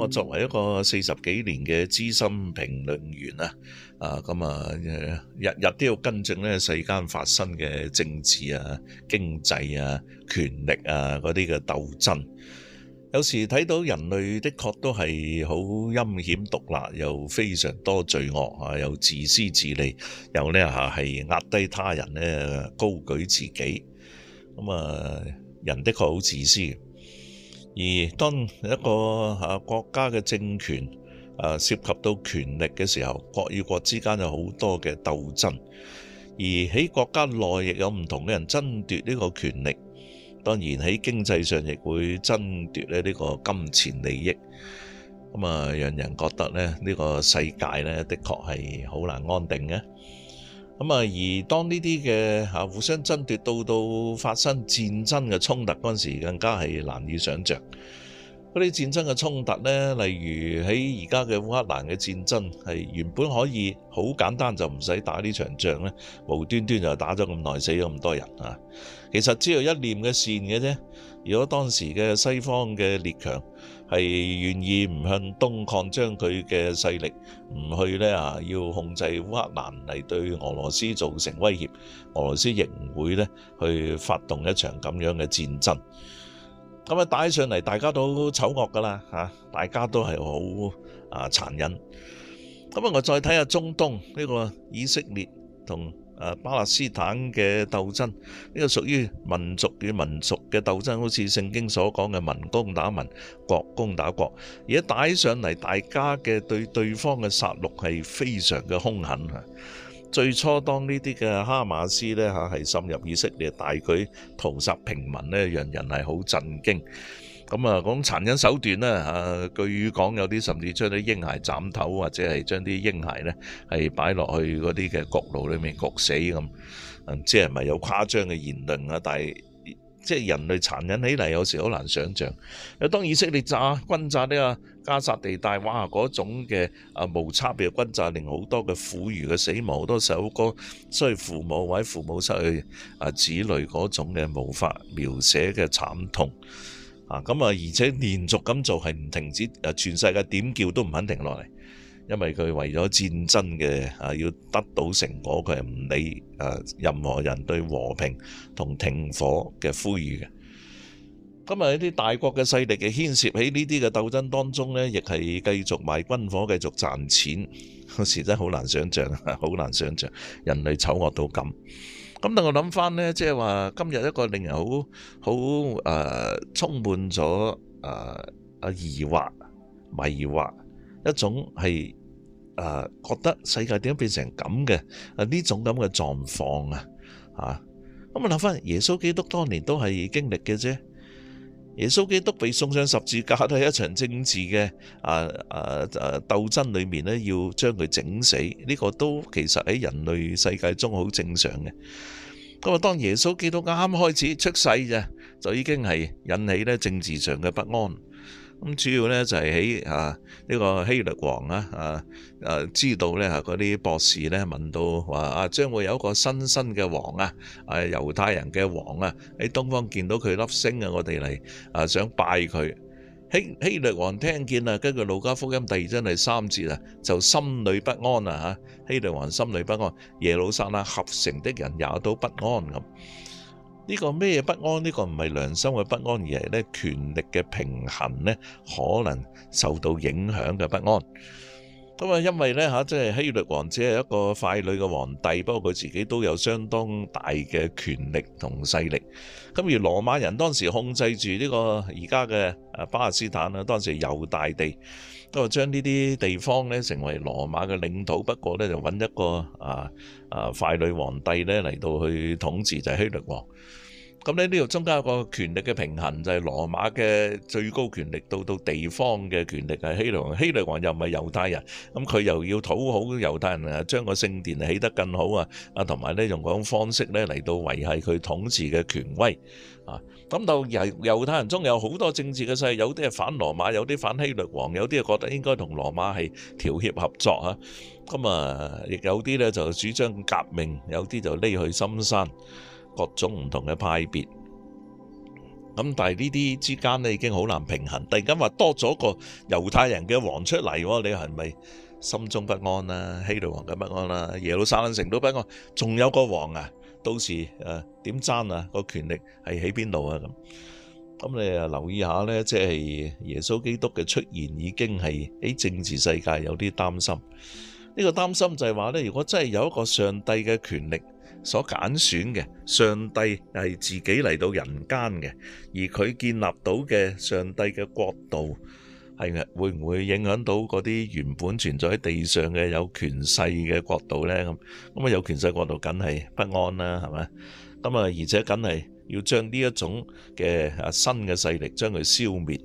我作為一個四十幾年嘅資深評論員啊，啊咁啊日日都要跟進呢世間發生嘅政治啊、經濟啊、權力啊嗰啲嘅鬥爭，有時睇到人類的確都係好陰險、毒辣，又非常多罪惡啊，又自私自利，又呢吓係壓低他人咧，高舉自己，咁啊人的確好自私。而當一個啊國家嘅政權啊涉及到權力嘅時候，國與國之間有好多嘅鬥爭，而喺國家內亦有唔同嘅人爭奪呢個權力，當然喺經濟上亦會爭奪呢個金錢利益，咁啊讓人覺得咧，呢個世界呢，的確係好難安定嘅。咁啊！而當呢啲嘅嚇互相爭奪到到發生戰爭嘅衝突嗰陣時，更加係難以想像。嗰啲戰爭嘅衝突呢，例如喺而家嘅烏克蘭嘅戰爭，係原本可以好簡單就唔使打呢場仗咧，無端端就打咗咁耐，死咗咁多人啊！其實只有一念嘅善嘅啫。如果當時嘅西方嘅列強，係願意唔向東擴張佢嘅勢力，唔去呢，啊！要控制烏克蘭嚟對俄羅斯造成威脅，俄羅斯亦唔會呢去發動一場咁樣嘅戰爭。咁啊，打起上嚟，大家都醜惡噶啦嚇，大家都係好啊殘忍。咁啊，我再睇下中東呢個以色列同。巴勒斯坦嘅鬥爭，呢個屬於民族與民族嘅鬥爭，好似聖經所講嘅民攻打民，國攻打國，而家打起上嚟，大家嘅對對方嘅殺戮係非常嘅兇狠嚇。最初當呢啲嘅哈馬斯呢嚇係深入以色列，你大舉屠殺平民呢，讓人係好震驚。咁啊、嗯，講殘忍手段呢，啊，據講有啲甚至將啲嬰孩斬頭，或者係將啲嬰孩呢係擺落去嗰啲嘅焗爐裏面焗死咁。啊、嗯，即係唔係有誇張嘅言論啊？但係即係人類殘忍起嚟，有時好難想象。有當以色列炸轟炸呢啊，加薩地帶，哇！嗰種嘅啊無差別轟炸，令好多嘅婦孺嘅死亡，好多首歌，失去父母或者父母失去啊子女嗰種嘅無法描寫嘅慘痛。啊，咁啊，而且連續咁做係唔停止，誒，全世界點叫都唔肯停落嚟，因為佢為咗戰爭嘅啊，要得到成果，佢係唔理誒、啊、任何人對和平同停火嘅呼籲嘅。今日一啲大國嘅勢力嘅牽涉喺呢啲嘅鬥爭當中呢，亦係繼續賣軍火，繼續賺錢，我實在好難想像，好難想像人類醜惡到咁。咁但係我諗翻咧，即係話今日一個令人好好誒，充滿咗誒啊疑惑、迷惑，一種係誒覺得世界點解變成咁嘅？啊呢種咁嘅狀況啊吓，咁我諗翻耶穌基督當年都係經歷嘅啫。耶穌基督被送上十字架，喺一場政治嘅啊啊啊鬥爭裏面咧，要將佢整死，呢、呢個都其實喺人類世界中好正常嘅。咁啊，當耶穌基督啱開始出世咋，就已經係引起咧政治上嘅不安。咁主要呢就係喺啊呢、這個希律王啊啊，誒知道呢，啊嗰啲博士呢問到話啊，將會有一個新新嘅王啊，誒猶太人嘅王啊，喺東方見到佢粒星啊，我哋嚟啊，想拜佢。希希律王聽見啊，根據路加福音第二章第三節啊，就心裏不安啊。嚇希律王心裏不安，耶路撒冷合城的人也都不安咁。呢個咩不安？呢個唔係良心嘅不安，而係咧權力嘅平衡咧可能受到影響嘅不安。咁啊，因為咧嚇，即係希律王只係一個傀儡嘅皇帝，不過佢自己都有相當大嘅權力同勢力。咁而羅馬人當時控制住呢個而家嘅巴勒斯坦啦，當時猶大地都話將呢啲地方咧成為羅馬嘅領土，不過咧就揾一個啊啊傀儡皇帝咧嚟到去統治，就係希律王。咁咧，呢度增加一個權力嘅平衡，就係羅馬嘅最高權力到到地方嘅權力係希律王。希律王又唔係猶太人，咁佢又要討好猶太人啊，將個聖殿起得更好啊，啊同埋咧用嗰種方式咧嚟到維係佢統治嘅權威啊。咁到猶猶太人中有好多政治嘅勢，有啲係反羅馬，有啲反希律王，有啲係覺得應該同羅馬係調協合作啊。咁啊，亦有啲咧就主張革命，有啲就匿去深山。各種唔同嘅派別，咁但係呢啲之間咧已經好難平衡。突然間話多咗個猶太人嘅王出嚟，你係咪心中不安啦？希律王嘅不安啦，耶路撒冷城都不安。仲有個王啊，到時誒點爭啊？個權力係喺邊度啊？咁咁你啊留意下咧，即係耶穌基督嘅出現已經係喺政治世界有啲擔心。呢個擔心就係話咧，如果真係有一個上帝嘅權力。所揀選嘅，上帝係自己嚟到人間嘅，而佢建立到嘅上帝嘅國度係會唔會影響到嗰啲原本存在喺地上嘅有權勢嘅國度呢？咁咁啊有權勢的國度，梗係不安啦，係咪？咁啊而且梗係要將呢一種嘅新嘅勢力將佢消滅，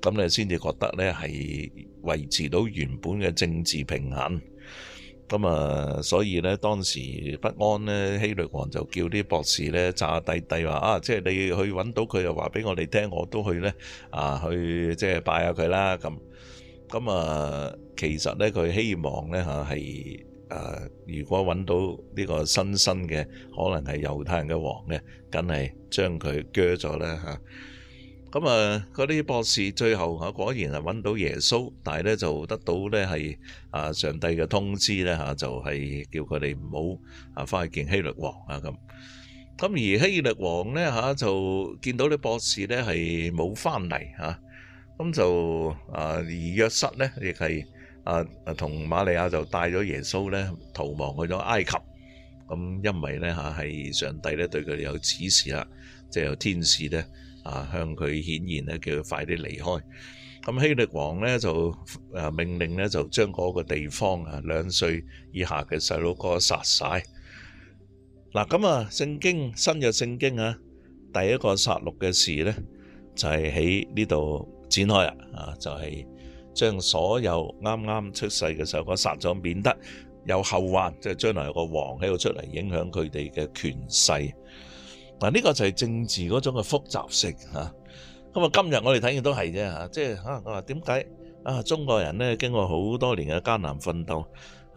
咁你先至覺得呢係維持到原本嘅政治平衡。咁啊、嗯，所以咧當時不安咧，希律王就叫啲博士咧炸低低話啊，即係你去揾到佢，又話俾我哋聽，我都去咧啊，去即係拜下佢啦。咁咁啊，其實咧佢希望咧嚇係啊，如果揾到呢個新生嘅，可能係猶太人嘅王嘅，梗係將佢鋸咗咧嚇。啊咁啊，嗰啲博士最後嚇果然係揾到耶穌，但係咧就得到咧係啊上帝嘅通知咧嚇、啊，就係、是、叫佢哋唔好啊翻去見希律王啊咁。咁而希律王咧嚇、啊、就見到啲博士咧係冇翻嚟嚇，咁就啊而約瑟咧亦係啊同瑪利亞就帶咗耶穌咧逃亡去咗埃及。咁、啊、因為咧嚇係上帝咧對佢哋有指示啦，即、就、係、是、有天使咧。啊，向佢顯現咧，叫佢快啲離開。咁希力王咧就誒命令咧，就將嗰個地方啊兩歲以下嘅細佬哥殺晒。嗱咁啊，聖經新約聖經啊，第一個殺戮嘅事咧就係喺呢度展開啦。啊，就係將所有啱啱出世嘅細佬哥殺咗，免得有後患，即係將來有個王喺度出嚟影響佢哋嘅權勢。嗱，呢個就係政治嗰種嘅複雜性嚇，咁今日我哋睇嘅都係啫嚇，即係啊我話點解中國人咧，經過好多年嘅艱難奮鬥。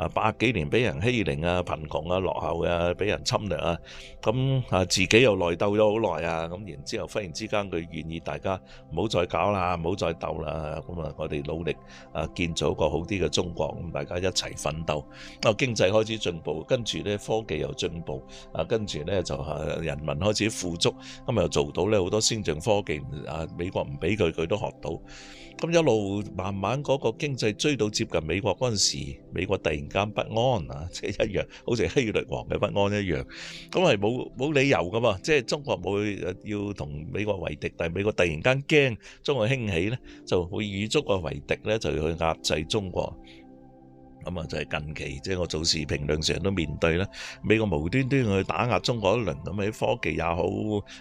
啊，百幾年俾人欺凌啊，貧窮啊，落後啊，俾人侵略啊，咁啊自己又內鬥咗好耐啊，咁然之後忽然之間佢願意大家唔好再搞啦，唔好再鬥啦，咁啊我哋努力啊建造一個好啲嘅中國，咁大家一齊奮鬥，啊經濟開始進步，跟住呢科技又進步，啊跟住呢就啊人民開始富足，咁又做到呢好多先進科技，啊美國唔俾佢，佢都學到，咁一路慢慢嗰個經濟追到接近美國嗰陣時，美國突然間不安啊，即係一樣，好似希律王嘅不安一樣，咁係冇冇理由噶嘛？即係中國冇要同美國為敵，但係美國突然間驚中國興起咧，就會與中國為敵呢，就要去壓制中國。咁啊，就係近期即係我做視評論，成日都面對啦。美國無端端去打壓中國一輪，咁喺科技也好，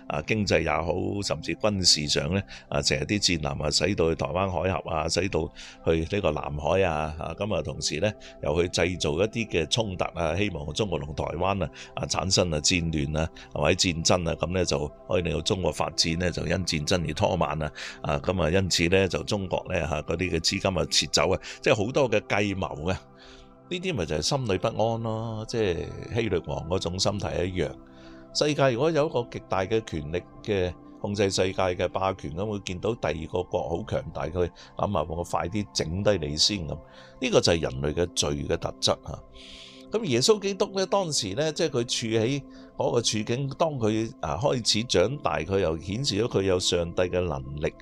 啊經濟也好，甚至軍事上咧，啊成日啲戰艦啊，使到去台灣海峽啊，使到去呢個南海啊，啊咁啊，同時咧又去製造一啲嘅衝突啊，希望中國同台灣啊啊產生啊戰亂啊，或者戰爭啊，咁咧就可以令到中國發展咧就因戰爭而拖慢啊。啊咁啊，因此咧就中國咧嚇嗰啲嘅資金啊撤走啊，即係好多嘅計謀嘅。呢啲咪就係心裏不安咯，即係希律王嗰種心態一樣。世界如果有一個極大嘅權力嘅控制世界嘅霸權咁，會見到第二個國好強大，佢諗下我快啲整低你先咁。呢個就係人類嘅罪嘅特質嚇。咁耶穌基督咧當時咧，即係佢處喺嗰個處境，當佢啊開始長大，佢又顯示咗佢有上帝嘅能力，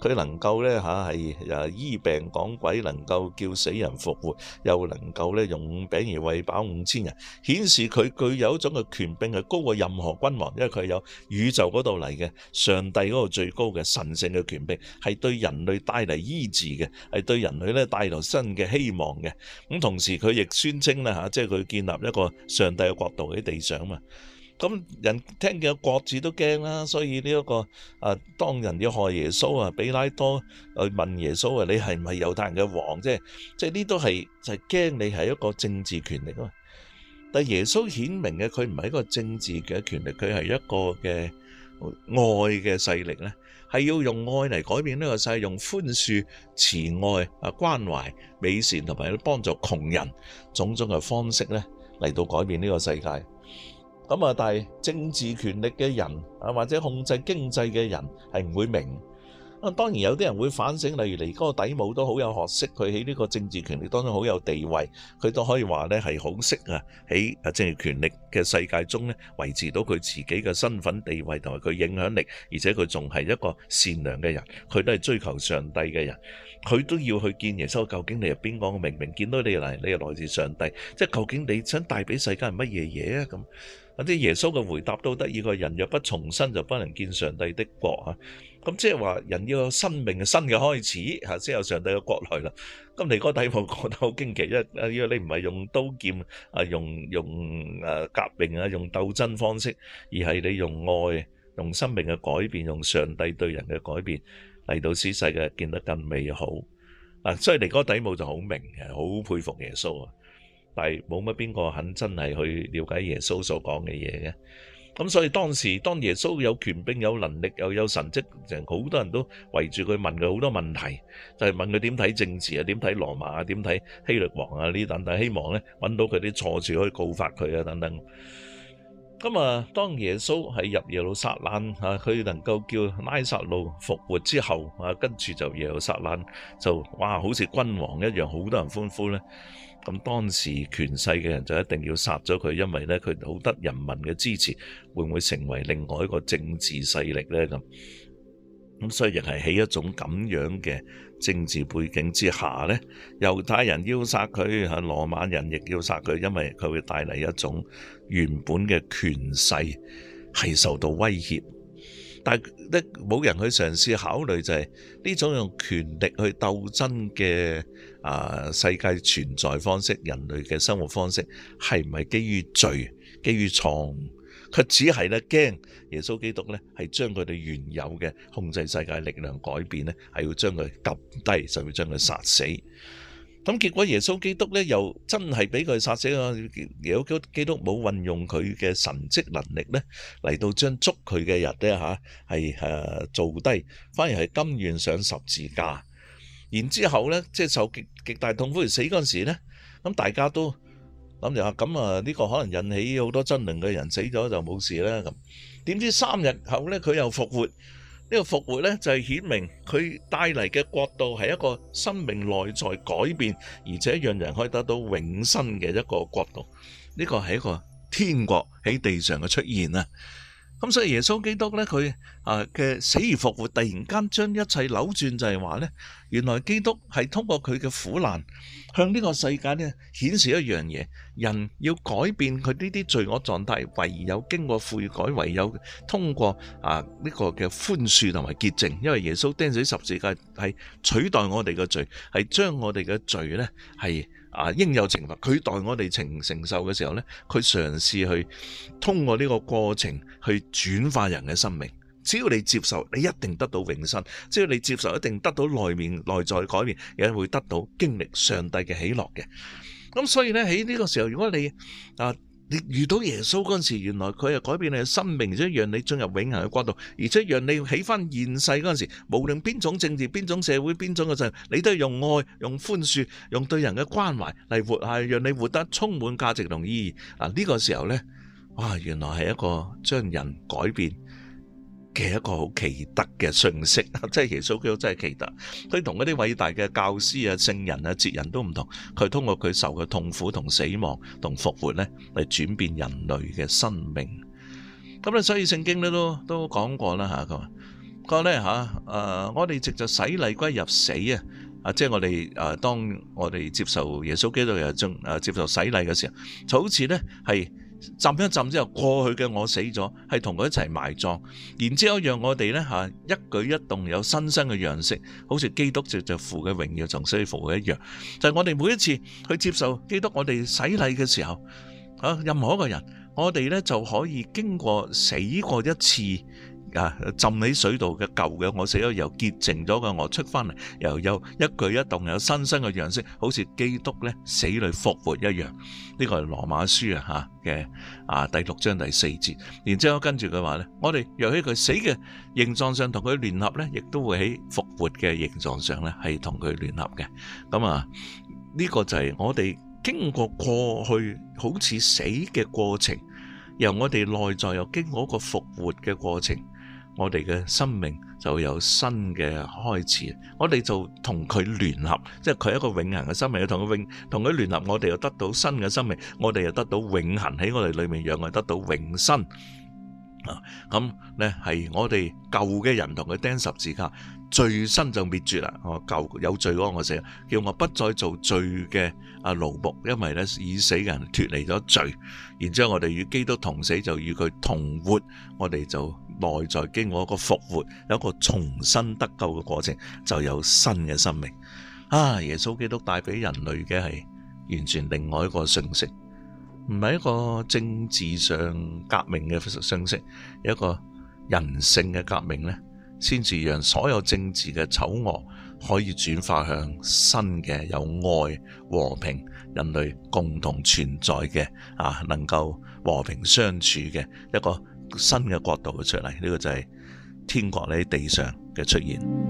佢能夠呢，嚇係誒醫病趕鬼，能夠叫死人復活，又能夠呢，用五餅而餵飽五千人，顯示佢具有一種嘅權柄係高過任何君王，因為佢有宇宙嗰度嚟嘅上帝嗰個最高嘅神性嘅權柄，係對人類帶嚟醫治嘅，係對人類呢帶嚟新嘅希望嘅。咁同時佢亦宣稱咧嚇，即係佢建立一個上帝嘅國度喺地上啊嘛。咁人聽見個國字都驚啦，所以呢一個誒，當人要害耶穌啊，比拉多去問耶穌啊，你係唔係猶太人嘅王？即係即係呢都係就係驚你係一個政治權力啊。但係耶穌顯明嘅，佢唔係一個政治嘅權力，佢係一個嘅愛嘅勢力咧，係要用愛嚟改變呢個世，用寬恕、慈愛啊、關懷、美善，同埋去幫助窮人種種嘅方式咧，嚟到改變呢個世界。咁啊！但係政治權力嘅人啊，或者控制經濟嘅人係唔會明啊。當然有啲人會反省，例如尼哥底母都好有學識，佢喺呢個政治權力當中好有地位，佢都可以話咧，係好識啊，喺啊政治權力嘅世界中咧，維持到佢自己嘅身份地位同埋佢影響力，而且佢仲係一個善良嘅人，佢都係追求上帝嘅人，佢都要去見耶穌。究竟你係邊個？明明見到你嚟，你又來自上帝，即係究竟你想帶俾世界係乜嘢嘢啊？咁嗰啲耶穌嘅回答都得意，個人若不重生就不能見上帝的國啊！咁即係話人要有生命嘅新嘅開始嚇，先有上帝嘅國來啦。咁尼哥底母覺得好驚奇，因為因為你唔係用刀劍啊，用用誒革命啊，用鬥爭方式，而係你用愛、用生命嘅改變、用上帝對人嘅改變嚟到使世界見得更美好啊！所以尼哥底母就好明嘅，好佩服耶穌啊！但係冇乜邊個肯真係去了解耶穌所講嘅嘢嘅，咁所以當時當耶穌有權柄、有能力、又有神蹟，成好多人都圍住佢問佢好多問題，就係問佢點睇政治啊、點睇羅馬啊、點睇希律王啊呢啲等等，希望咧搵到佢啲錯處可以告發佢啊等等。咁啊，當耶穌喺入耶路撒冷啊，佢能夠叫拉撒路復活之後啊，跟住就耶路撒冷就哇，好似君王一樣，好多人歡呼咧。咁當時權勢嘅人就一定要殺咗佢，因為呢，佢好得人民嘅支持，會唔會成為另外一個政治勢力呢？咁咁所以亦係喺一種咁樣嘅政治背景之下呢，猶太人要殺佢，羅馬人亦要殺佢，因為佢會帶嚟一種原本嘅權勢係受到威脅。但係，冇人去嘗試考慮就係呢種用權力去鬥爭嘅啊世界存在方式，人類嘅生活方式係唔係基於罪、基於錯？佢只係咧驚耶穌基督咧係將佢哋原有嘅控制世界力量改變咧，係要將佢撳低，就會將佢殺死。咁結果耶穌基督咧又真係俾佢殺死啊！耶穌基督冇運用佢嘅神蹟能力咧，嚟到將捉佢嘅人咧嚇係誒做低，反而係甘願上十字架，然之後咧即係受極極大痛苦而死嗰陣時咧，咁大家都諗住啊，咁啊呢個可能引起好多爭論嘅人死咗就冇事啦咁。點知三日後咧佢又復活。呢個復活呢，就係顯明佢帶嚟嘅國度係一個生命內在改變，而且讓人可以得到永生嘅一個國度。呢個係一個天國喺地上嘅出現啊！咁所以耶穌基督呢，佢啊嘅死而復活，突然間將一切扭轉，就係話呢。原來基督係通過佢嘅苦難，向呢個世界咧顯示一樣嘢：人要改變佢呢啲罪惡狀態，唯有經過悔改，唯有通過啊呢個嘅寬恕同埋潔淨。因為耶穌釘死十字架係取代我哋嘅罪，係將我哋嘅罪咧係啊應有懲罰，取代我哋承承受嘅時候咧，佢嘗試去通過呢個過程去轉化人嘅生命。只要你接受，你一定得到永生；只要你接受，一定得到內面內在改變，也會得到經歷上帝嘅喜樂嘅。咁所以呢，喺呢個時候，如果你啊你遇到耶穌嗰陣時，原來佢係改變你嘅生命，即係讓你進入永恒嘅國度，而且讓你起翻現世嗰陣時，無論邊種政治、邊種社會、邊種嘅就，你都係用愛、用寬恕、用對人嘅關懷嚟活，係讓你活得充滿價值同意義。嗱、啊、呢、呢個時候呢，哇，原來係一個將人改變。嘅一個好奇特嘅信息啊，即係耶穌基督真係奇特，佢同嗰啲偉大嘅教師啊、聖人啊、哲人都唔同，佢通過佢受嘅痛苦、同死亡、同復活咧，嚟轉變人類嘅生命。咁咧，所以聖經咧都都講過啦吓，佢話，佢話咧吓，誒，我哋直就洗禮歸入死啊，啊，即係我哋誒，當我哋接受耶穌基督又將誒接受洗禮嘅時候，就好似咧係，浸一浸之後，過去嘅我死咗，係同佢一齊埋葬，然之後讓我哋呢，吓一舉一動有新生嘅樣式，好似基督就就父嘅榮耀從死復活一樣。就係、是、我哋每一次去接受基督，我哋洗禮嘅時候，啊，任何一個人，我哋呢就可以經過死過一次。啊！浸喺水度嘅舊嘅我死咗，又結成咗嘅我出翻嚟，又又一舉一動有新生嘅樣式，好似基督咧死裡復活一樣。呢個係羅馬書啊嚇嘅啊第六章第四節，然之後跟住佢話咧，我哋若喺佢死嘅形狀上同佢聯合咧，亦都會喺復活嘅形狀上咧係同佢聯合嘅。咁啊，呢個就係我哋經過過去好似死嘅過程，由我哋內在又經過一個復活嘅過程。我哋嘅生命就有新嘅開始，我哋就同佢聯合，即係佢係一個永恆嘅生命，同佢永同佢聯合，我哋又得到新嘅生命，我哋又得到永恆喺我哋裏面養，我哋得到永生啊！咁咧係我哋舊嘅人同佢釘十字架，罪身就滅絕啦。哦，舊有罪嗰個我死叫我不再做罪嘅啊奴僕，因為咧已死嘅人脫離咗罪，然之後我哋與基督同死，就與佢同活，我哋就。內在經過一個復活，有一個重新得救嘅過程，就有新嘅生命。啊！耶穌基督帶俾人類嘅係完全另外一個信息，唔係一個政治上革命嘅信息，一個人性嘅革命呢，先至讓所有政治嘅醜惡可以轉化向新嘅有愛、和平、人類共同存在嘅啊，能夠和平相處嘅一個。新嘅角度嘅出嚟，呢、呢個就係天國喺地上嘅出現。